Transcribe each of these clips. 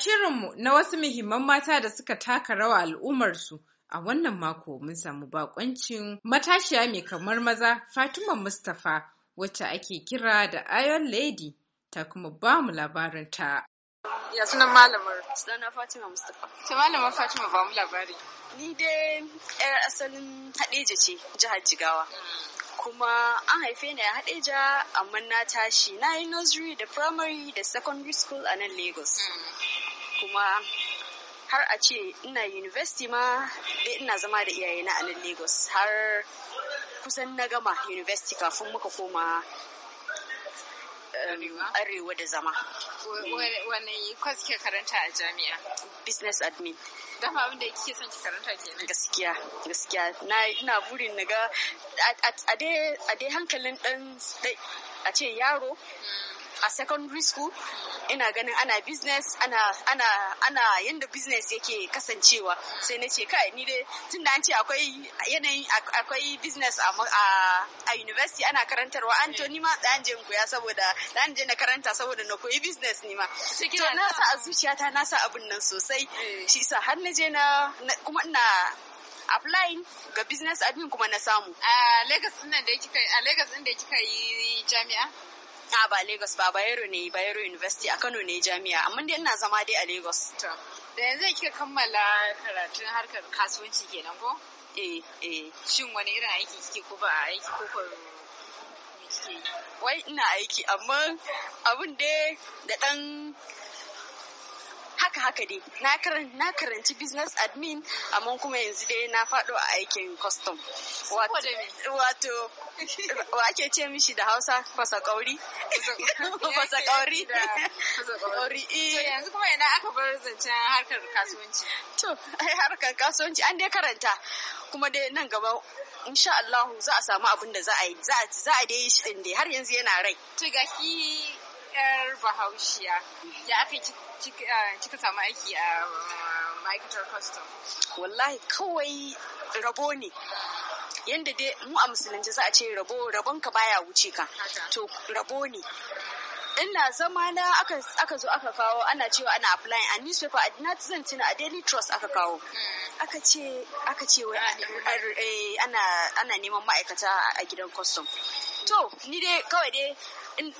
shirinmu na wasu muhimman mata da suka taka rawa al'ummarsu a wannan mako mun samu bakoncin matashiya mai kamar maza Fatima Mustapha wacce ake kira da Iron Lady ta kuma ba mu labarin Ni dai yar asalin Hadeja ce jihar Jigawa. Mm. kuma an haife ni a Hadeja amma na tashi na yi nursery da primary da secondary school a nan Lagos. Mm. kuma har a ce ina university ma dai ina zama da iyayena a nan lagos har kusan na gama university kafin muka koma um, arewa da zama. Wani kwas ke karanta a jami'a? Business admin. Dama abin da kike son ki karanta kenan. Gaskiya, gaskiya. Na ina burin na ga a dai hankalin dan a ce yaro hmm. a secondary school ina ganin ana business ana ana ana yanda business yake kasancewa sai na ce kai ni dai tunda an ce akwai yanayin akwai business a university ana karantarwa an to ni ma dan je koya saboda dan je na karanta saboda na koyi business ni ma to na sa a zuciyata na sa abun nan sosai eh. shi sa har na je na kuma ina applying ga business admin kuma na samu. A Lagos din da kika a Lagos din da kika yi jami'a? a ba Lagos ba Bayero ne Bayero University a Kano ne jami'a amma dai ina zama dai a Lagos to da yanzu kika kammala karatun harkar kasuwanci kenan ko eh eh shin wani irin aiki kike ko ba aiki ko ko wai ina aiki amma abun dai da dan haka haka dai na karanci business admin amma kuma yanzu dai na fado a aikin custom wato ake ce mishi da hausa fasa kauri fasa kauri eh. yanzu kuma yana aka bar zancen harkar kasuwanci to ai harkar kasuwanci an dai karanta kuma dai nan gaba insha Allah za a samu abin da za a yi za a dai yi shi din dai har yanzu yana rai to gaki yar bahaushiya ya aka eh, kika samu aiki a eh, ma'aikatar custom wallahi kawai rabo ne yadda dai mu a musulunci za a ce rabo rabon ka baya wuce ka to rabo ne ina zama na aka zo aka kawo ana cewa ana applying a newspaper a na zan tuna a daily trust aka kawo hmm. aka ce aka ce wai eh, ana ana neman ma'aikata a gidan custom to ni dai kawai dai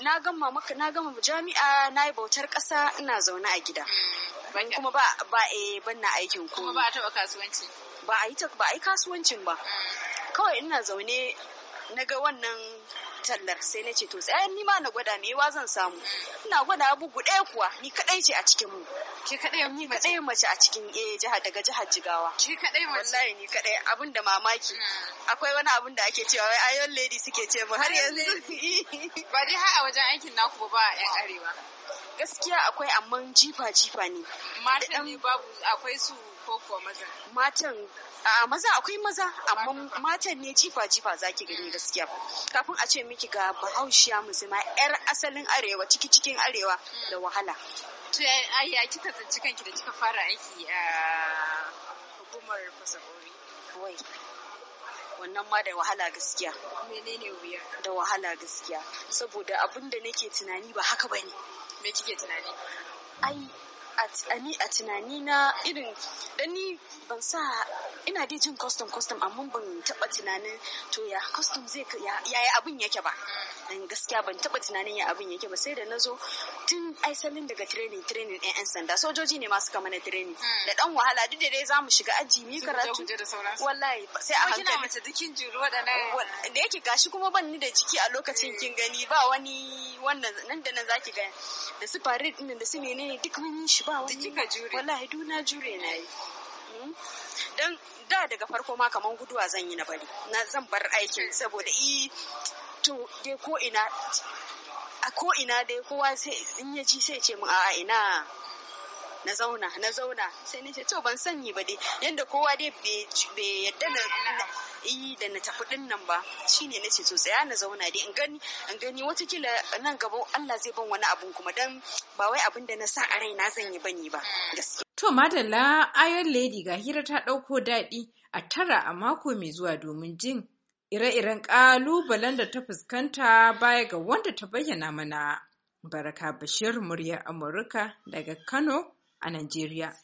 na gama maka na gama jami'a na yi bautar ƙasa ina zaune a gida hmm. kuma ba ba eh banna aikin ku. kuma ba a taɓa kasuwanci ba a yi kasuwancin ba hmm. kawai ina zaune na ga wannan tallar sai na ce to tsayan ni ma na gwada me wa zan samu ina gwada abu guda kuwa ni kadai ce a cikin mu ke kadai ni kadai mace a cikin eh jihar daga jihar Jigawa ke kadai mace wallahi ni kadai abin da mamaki hmm. akwai wani abin da ake cewa wai ayon lady suke ce mu har yanzu ba dai har a wajen aikin naku ba a yan arewa gaskiya akwai amma jifa jifa ne mata ne babu akwai su Matan a maza akwai maza amma matan ne jifa jifa zaki gani gaskiya. Kafin a ce miki ga Bahaushiya ma yar asalin arewa ciki cikin arewa da wahala. To ya kika tsinci kanki da kika fara aiki a hukumar fasahori? Wai. wannan ma da wahala gaskiya menene wuya da wahala gaskiya saboda abin da nake tunani ba haka bane me kike tunani ai a tunani na irin dani ban sa ina dai jin custom custom amma ban taba tunanin to ya custom zai yi abin yake ba dan gaskiya ban taba tunanin ya abin yake ba sai da nazo tun aisalin daga training training ɗin yan sanda sojoji ne masu kama na training da dan wahala duk da dai zamu shiga aji mi karatu wallahi sai a hankali mace dukin juru waɗannan da yake gashi kuma ban ni da jiki a lokacin eh. kin gani ba wani wannan nan da nan zaki ga da su farid din da su menene duk mun shi ba wani kika jure wallahi jure na yi hmm? dan da daga farko ma kamar guduwa zan yi na bari na zan bar aikin saboda i to ko ina a ko ina dai kowa sai in ya ji sai ce mu a'a ina na zauna na zauna sai nace ce to ban sanyi ba dai yanda kowa dai bai yadda na yi da na tafi din nan ba shine na ce to tsaya na zauna dai in gani in gani watakila nan gaba Allah zai ban wani abun kuma dan ba wai abin da na sa a raina zan yi bane ba to madalla ayon lady ga hira ta dauko dadi a tara a mako mai zuwa domin jin ire-iren kalubalen da ta fuskanta baya ga wanda ta bayyana mana. Baraka Bashir muryar Amurka daga Kano Nigeria